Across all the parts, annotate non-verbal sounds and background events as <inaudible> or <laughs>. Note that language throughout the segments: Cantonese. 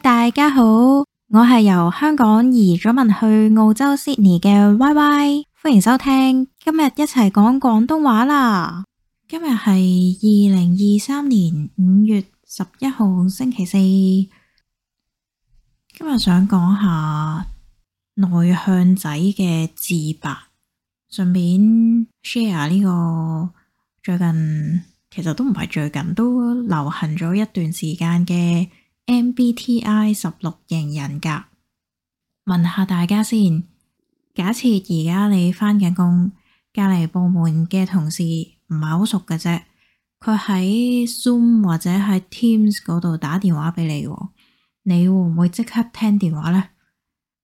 大家好，我係由香港移咗民去澳洲 Sydney 嘅 Y Y，歡迎收聽今日一齊講廣東話啦。今日係二零二三年五月十一號星期四，今日想講下內向仔嘅自白，順便 share 呢個最近，其實都唔係最近，都流行咗一段時間嘅。MBTI 十六型人格，問下大家先。假設而家你返緊工，隔籬部門嘅同事唔係好熟嘅啫，佢喺 Zoom 或者喺 Teams 嗰度打電話俾你，你會唔會即刻聽電話呢？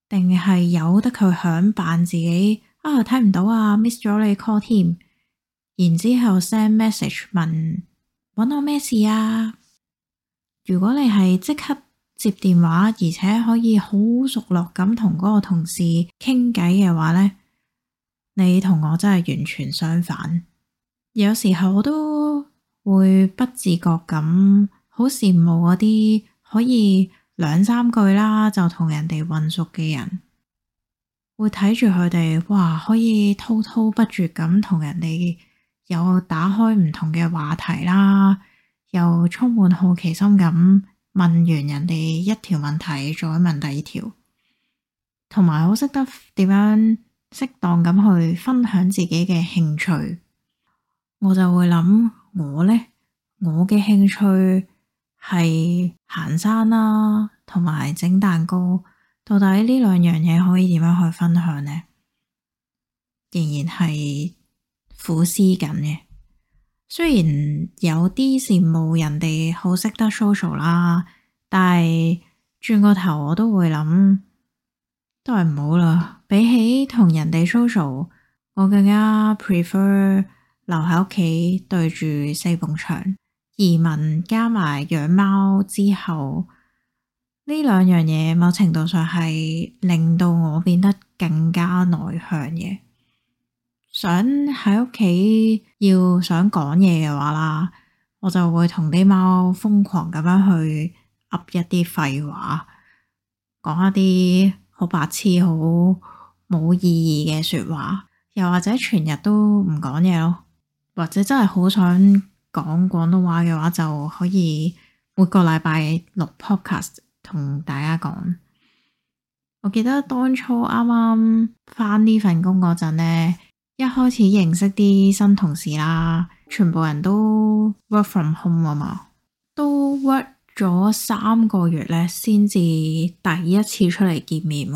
定係由得佢響扮自己啊？睇唔到啊，miss 咗你 call team。然之後 send message 問，搵我咩事啊？如果你係即刻接電話，而且可以好熟絡咁同嗰個同事傾偈嘅話呢，你同我真係完全相反。有時候我都會不自覺咁好羨慕嗰啲可以兩三句啦就同人哋混熟嘅人，會睇住佢哋哇，可以滔滔不絕咁同人哋有打開唔同嘅話題啦。又充滿好奇心咁問完人哋一條問題，再問第二條，同埋好識得點樣適當咁去分享自己嘅興趣，我就會諗：「我呢？我嘅興趣係行山啦、啊，同埋整蛋糕，到底呢兩樣嘢可以點樣去分享呢？」仍然係苦思緊嘅。雖然有啲羨慕人哋好識得 social 啦，但係轉個頭我都會諗，都係唔好啦。比起同人哋 social，我更加 prefer 留喺屋企對住四埲牆。移民加埋養貓之後，呢兩樣嘢某程度上係令到我變得更加內向嘅。想喺屋企要想講嘢嘅話啦，我就會同啲貓瘋，瘋狂咁樣去噏一啲廢話，講一啲好白痴、好冇意義嘅説話，又或者全日都唔講嘢咯，或者真係好想講廣東話嘅話，就可以每個禮拜錄 podcast 同大家講。我記得當初啱啱返呢份工嗰陣呢。一開始認識啲新同事啦，全部人都 work from home 啊嘛，都 work 咗三個月咧，先至第一次出嚟見面。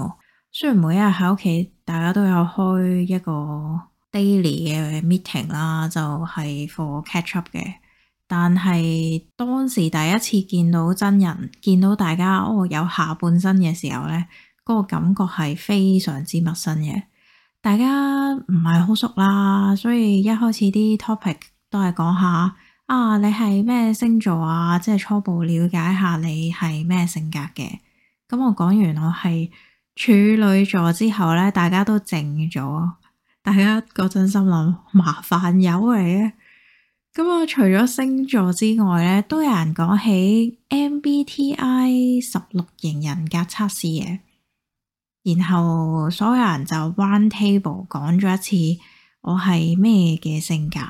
雖然每一日喺屋企，大家都有開一個 daily 嘅 meeting 啦，就係 for catch up 嘅。但係當時第一次見到真人，見到大家哦有下半身嘅時候呢，嗰個感覺係非常之陌生嘅。大家唔係好熟啦，所以一開始啲 topic 都係講下啊，你係咩星座啊，即係初步了解下你係咩性格嘅。咁、嗯、我講完我係處女座之後呢，大家都靜咗。大家嗰陣心諗，麻煩友嚟嘅。咁、嗯嗯、我除咗星座之外呢，都有人講起 MBTI 十六型人格測試嘅。然後所有人就 one table 講咗一次我係咩嘅性格。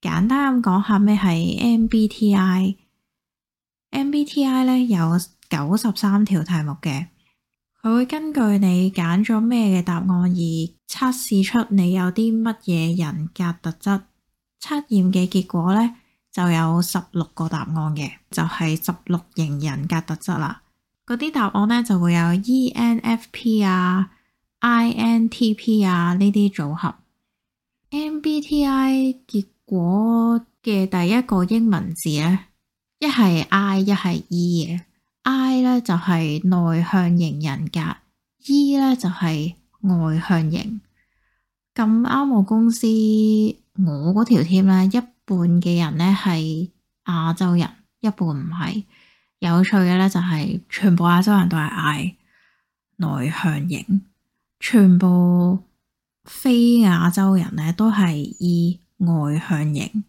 簡單咁講下咩係 MBTI，MBTI 呢有九十三條題目嘅，佢會根據你揀咗咩嘅答案而測試出你有啲乜嘢人格特質。測驗嘅結果呢，就有十六個答案嘅，就係十六型人格特質啦。嗰啲答案咧就會有 E N F P 啊、I N T P 啊呢啲組合。M B T I 結果嘅第一個英文字咧，一係 I 一係 E。I 咧就係、是、內向型人格，E 咧就係、是、外向型。咁啱我公司我嗰條貼咧，一半嘅人咧係亞洲人，一半唔係。有趣嘅咧，就係全部亞洲人都係嗌內向型，全部非亞洲人咧都係以外向型。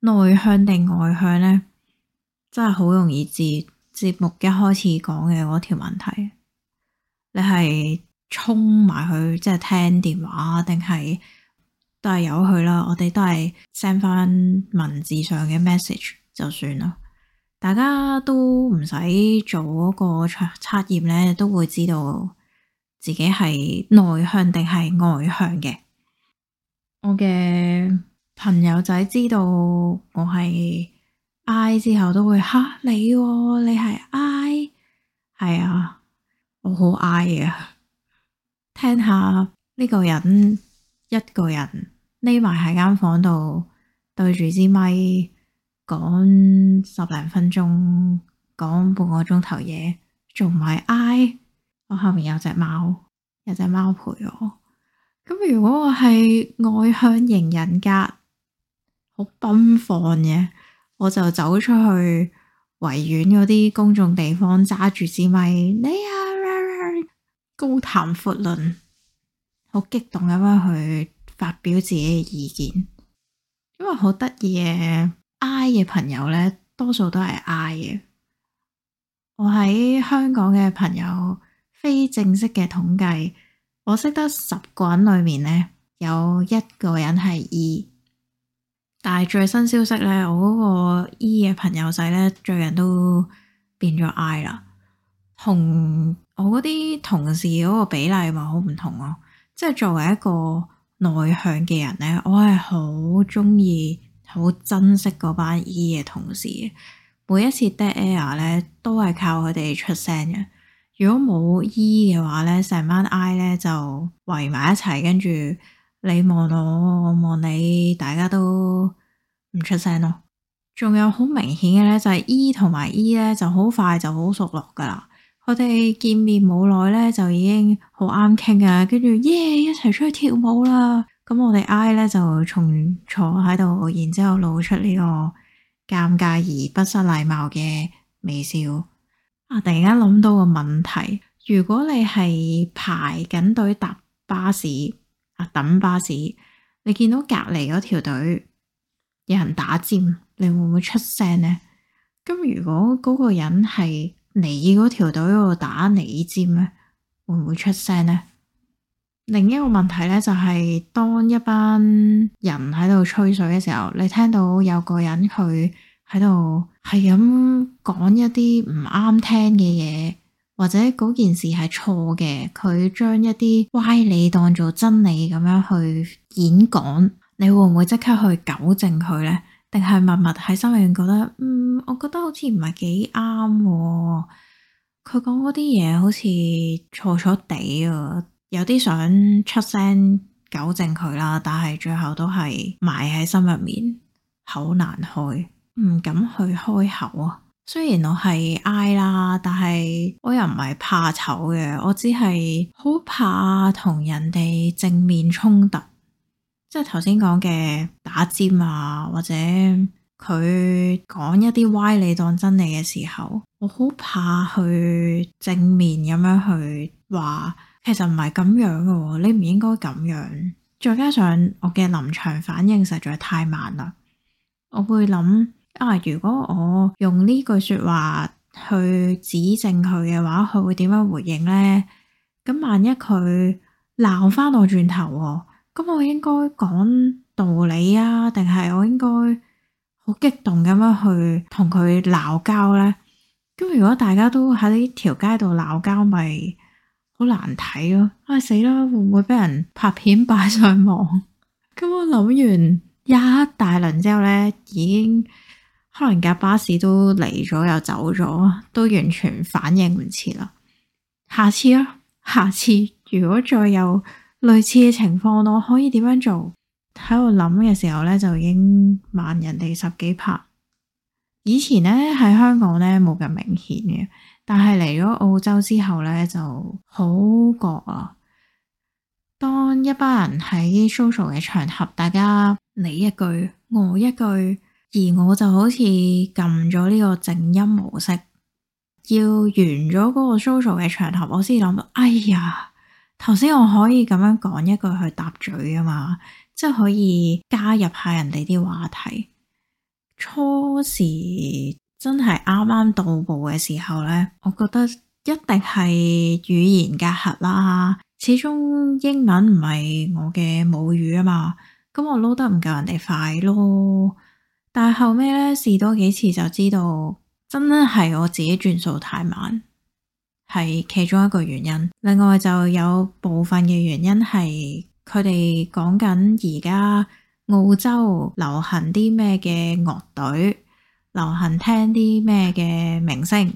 內向定外向呢，真係好容易節節目一開始講嘅嗰條問題。你係衝埋去即係聽電話，定係都係由佢啦。我哋都係 send 返文字上嘅 message 就算啦。大家都唔使做嗰個測測驗咧，都會知道自己係內向定係外向嘅。我嘅朋友仔知道我係 I 之後，都會吓你、啊，你係、啊、I 係啊，我好 I 啊。聽下呢個人一個人匿埋喺間房度，對住支咪。講十零分鐘，講半個鐘頭嘢，做埋嗌。我後面有隻貓，有隻貓陪我。咁如果我係外向型人格，好奔放嘅，我就走出去維園嗰啲公眾地方，揸住支咪，你啊，哼哼高談闊論，好激動咁樣去發表自己嘅意見，因為好得意嘅。I 嘅朋友咧，多數都係 I 嘅。我喺香港嘅朋友，非正式嘅統計，我識得十個人裏面咧，有一個人係 E。但係最新消息咧，我嗰個 E 嘅朋友仔咧，最近都變咗 I 啦。同我嗰啲同事嗰個比例嘛，好唔同啊！即係作為一個內向嘅人咧，我係好中意。好珍惜嗰班 E、e、嘅同事，每一次 dead air 咧都係靠佢哋出聲嘅。如果冇 E 嘅話咧，成班 I 咧就圍埋一齊，跟住你望我，我望你，大家都唔出聲咯。仲有好明顯嘅咧，就係 E 同埋 E 咧就好快就好熟落噶啦。我哋見面冇耐咧，就已經好啱傾啊，跟住耶一齊出去跳舞啦！咁我哋 I 咧就從坐喺度，然之後露出呢個尷尬而不失禮貌嘅微笑。啊！突然間諗到個問題：如果你係排緊隊搭巴士啊，等巴士，你見到隔籬嗰條隊有人打尖，你會唔會出聲呢？咁如果嗰個人係你嗰條隊喺度打你尖咧，會唔會出聲呢？另一個問題呢，就係當一班人喺度吹水嘅時候，你聽到有個人佢喺度係咁講一啲唔啱聽嘅嘢，或者嗰件事係錯嘅，佢將一啲歪理當做真理咁樣去演講，你會唔會即刻去糾正佢呢？定係默默喺心裏面覺得，嗯，我覺得好似唔係幾啱，佢講嗰啲嘢好似錯錯地啊？有啲想出聲糾正佢啦，但係最後都係埋喺心入面，口難開，唔敢去開口啊。雖然我係 I 啦，但係我又唔係怕醜嘅，我只係好怕同人哋正面衝突，即係頭先講嘅打尖啊，或者佢講一啲歪理當真理嘅時候，我好怕去正面咁樣去話。其實唔係咁樣噶你唔應該咁樣。再加上我嘅臨場反應實在太慢啦，我會諗啊，如果我用呢句說話去指正佢嘅話，佢會點樣回應呢？咁萬一佢鬧翻我轉頭，咁我應該講道理啊，定係我應該好激動咁樣去同佢鬧交呢？咁如果大家都喺呢條街度鬧交，咪？好難睇咯、啊，啊、哎、死啦！會唔會俾人拍片擺上網？咁 <laughs> 我諗完一大輪之後呢，已經可能架巴士都嚟咗又走咗，都完全反應唔切啦。下次咯、啊，下次如果再有類似嘅情況，我可以點樣做？喺度諗嘅時候呢，就已經慢人哋十幾拍。以前呢，喺香港呢，冇咁明顯嘅。但係嚟咗澳洲之後呢，就好覺啊！當一班人喺 social 嘅場合，大家你一句我一句，而我就好似撳咗呢個靜音模式，要完咗嗰個 social 嘅場合，我先諗到，哎呀，頭先我可以咁樣講一句去搭嘴啊嘛，即係可以加入下人哋啲話題。初時。真係啱啱到步嘅時候呢，我覺得一定係語言隔閡啦。始終英文唔係我嘅母語啊嘛，咁我撈得唔夠人哋快咯。但係後尾呢，試多幾次就知道，真係我自己轉數太慢，係其中一個原因。另外就有部分嘅原因係佢哋講緊而家澳洲流行啲咩嘅樂隊。流行聽啲咩嘅明星，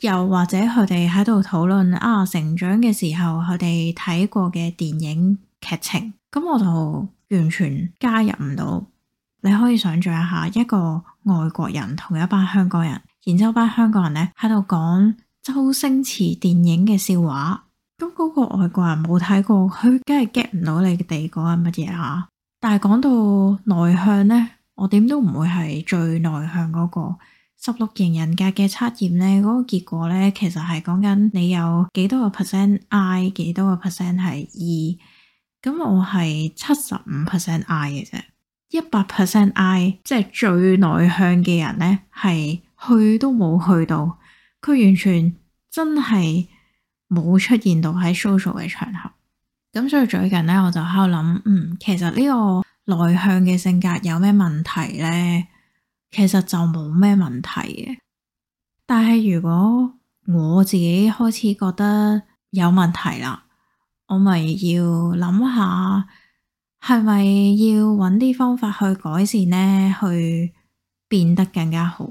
又或者佢哋喺度討論啊，成長嘅時候佢哋睇過嘅電影劇情，咁我就完全加入唔到。你可以想象一下，一個外國人同一班香港人，然之後班香港人呢喺度講周星馳電影嘅笑話，咁嗰個外國人冇睇過，佢梗係 get 唔到你哋講乜嘢吓。但係講到內向呢。我點都唔會係最內向嗰個。十六型人格嘅測驗呢，嗰個結果呢，其實係講緊你有幾多個 percent I，幾多個 percent 係 E。咁我係七十五 percent I 嘅啫，一百 percent I 即係最內向嘅人呢，係去都冇去到，佢完全真係冇出現到喺 social 嘅場合。咁所以最近呢，我就喺度諗，嗯，其實呢個。內向嘅性格有咩問題呢？其實就冇咩問題嘅。但係如果我自己開始覺得有問題啦，我咪要諗下，係咪要揾啲方法去改善呢？去變得更加好。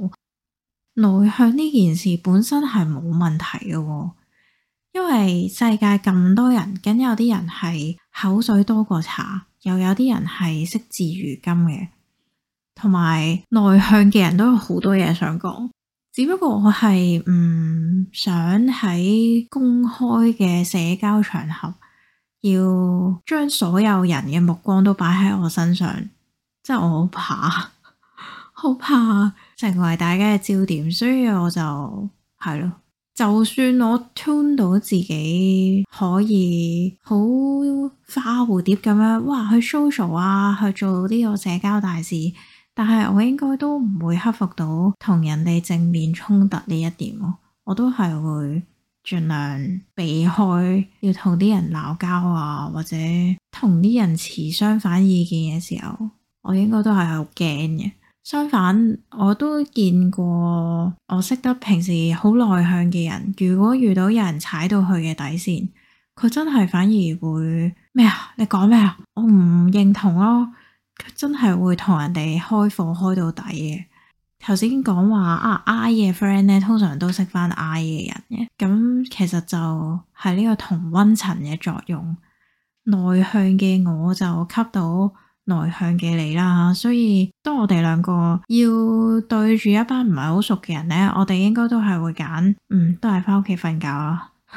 內向呢件事本身係冇問題㗎喎，因為世界咁多人，梗有啲人係口水多過茶。又有啲人係惜字如金嘅，同埋內向嘅人都有好多嘢想講，只不過我係唔想喺公開嘅社交場合，要將所有人嘅目光都擺喺我身上，即係我好怕，好怕成為大家嘅焦點，所以我就係咯。就算我 tune 到自己可以好花蝴蝶咁樣，哇去 social 啊，去做呢個社交大事，但係我應該都唔會克服到同人哋正面衝突呢一點咯、啊。我都係會盡量避開要同啲人鬧交啊，或者同啲人持相反意見嘅時候，我應該都係好驚嘅。相反，我都見過我識得平時好內向嘅人，如果遇到有人踩到佢嘅底線，佢真係反而會咩啊？你講咩啊？我唔認同咯，佢真係會同人哋開火開到底嘅。頭先講話啊，I 嘅 friend 咧，通常都識翻 I 嘅人嘅，咁其實就係呢個同溫層嘅作用。內向嘅我就吸到。內向嘅你啦，所以當我哋兩個要對住一班唔係好熟嘅人呢，我哋應該都係會揀，嗯，都係翻屋企瞓覺啊！ <laughs>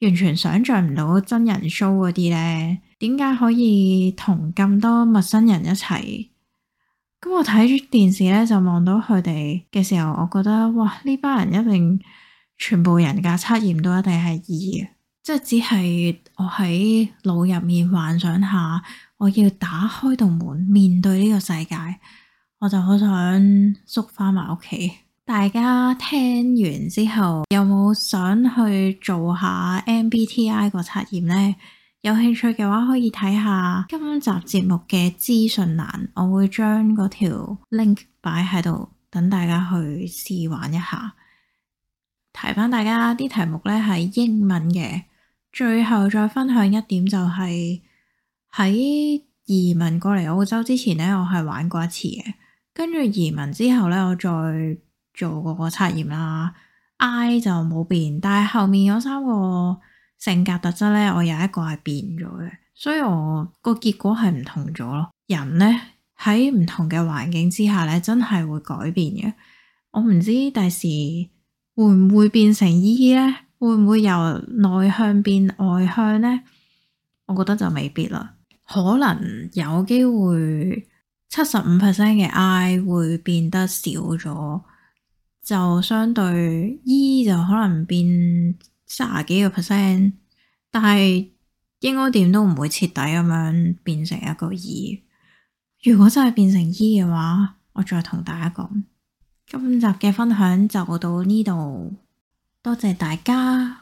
完全想象唔到真人 show 嗰啲呢，點解可以同咁多陌生人一齊？咁我睇住電視呢，就望到佢哋嘅時候，我覺得哇，呢班人一定全部人格測驗都一定係二，即係只係我喺腦入面幻想下。我要打開道門面對呢個世界，我就好想縮翻埋屋企。大家聽完之後，有冇想去做下 MBTI 個測驗呢？有興趣嘅話，可以睇下今集節目嘅資訊欄，我會將嗰條 link 擺喺度，等大家去試玩一下。提翻大家，啲題目呢係英文嘅，最後再分享一點就係、是。喺移民過嚟澳洲之前呢，我係玩過一次嘅。跟住移民之後呢，我再做嗰個測驗啦，I 就冇變，但係後面嗰三個性格特質呢，我有一個係變咗嘅，所以我個結果係唔同咗咯。人呢，喺唔同嘅環境之下呢，真係會改變嘅。我唔知第時會唔會變成 E 呢？會唔會由內向變外向呢？我覺得就未必啦。可能有機會七十五 percent 嘅 I 會變得少咗，就相對 E 就可能變三十幾個 percent，但係應該點都唔會徹底咁樣變成一個 E。如果真係變成 E 嘅話，我再同大家講。今集嘅分享就到呢度，多謝大家。